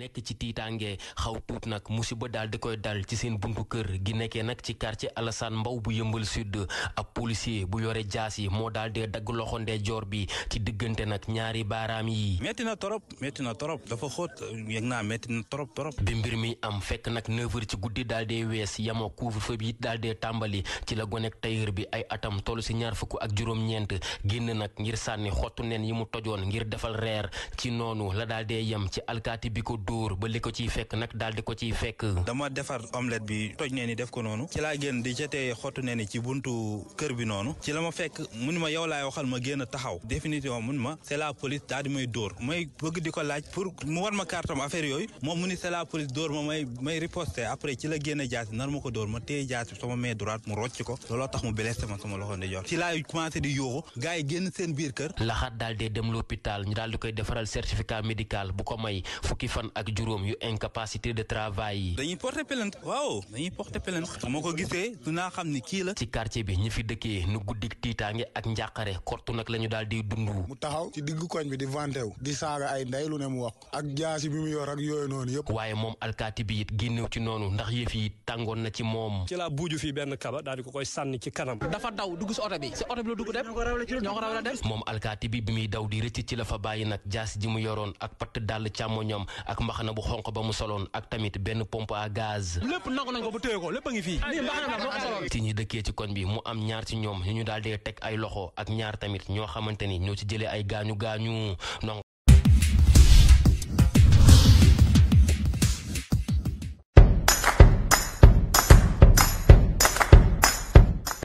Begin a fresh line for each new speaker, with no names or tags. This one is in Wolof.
nekk ci tiitaange xaw tuut nag musiba daal di koy dal ci seen buntu kër gi nekkee nag ci quartier Alassane Mbaw bu yëmbal sud ab policier bu yore jaas yi moo daal dee dagg loxo ndeyjoor bi ci diggante nag ñaari baaraam yi. métti na torop métti na torop dafa xóot naa métti na torop bi mbir mi am fekk nag 9 ci guddi daal dee wees yamoo couvre-feu bi it dee tàmbali ci la gonek tailleur bi ay atam toll si ñaar fukk ak juróom-ñeent génn nag ngir sànni xottu nen yi mu tojoon ngir defal reer dóor ba li ko ciy fekk nag daal ko ciy fekk.
dama defar omelette bi toj nee ni def ko noonu ci laa génn di jotee xottu nee ni ci buntu kër bi noonu ci la ma fekk mun ma yow laay génn la police la police dóor ma may may riposter après ci la jaasi nar ko dóor ma téye jaasi sama main droite mu rocc ko looloo tax mu blessé ma sama loxo ndeyjoor ci laay
commencé di yóoxu gars yi génn seen biir kër. laxaat daal dem l'hôpital ñu koy defaral certificat médical bu ko may fukki fan. ak juróom yu incapacité de travail yi. dañuy porter plainte moo ko gisee dinaa xam ni kii la. ci quartier bi ñu fi dëkkee nu guddik tiitaange ak njàqare kortu nag la ñu daal di dund. mu taxaw ci diggu koñ bi di vantew di saaga ay ndey ne mu wax. ak jaasi bi mu yor ak yooyu noonu yëpp. waaye moom alkaati bi it génnew ci noonu ndax yëf yi tàngoon na ci moom. ci laa buuju fii benn kaba daal di ci kanam. dafa daw dugg si bi si oto bi bi bi muy daw di rëcc ci la fa bàyyi nag jaasi ji mu yoroon ak patt dàll càmmoñam ak ak mbaxana bu xonq ba mu soloon ak tamit benn pompe à gaz. lépp nangu nañ ko bu téye ko lépp a ngi fii. lii mbaxana ñi dëkkee ci koñ bi mu am ñaar ci ñoom ñu daal di teg ay loxo ak ñaar tamit ñoo xamante ni ñoo ci jëlee ay gaañu gaañu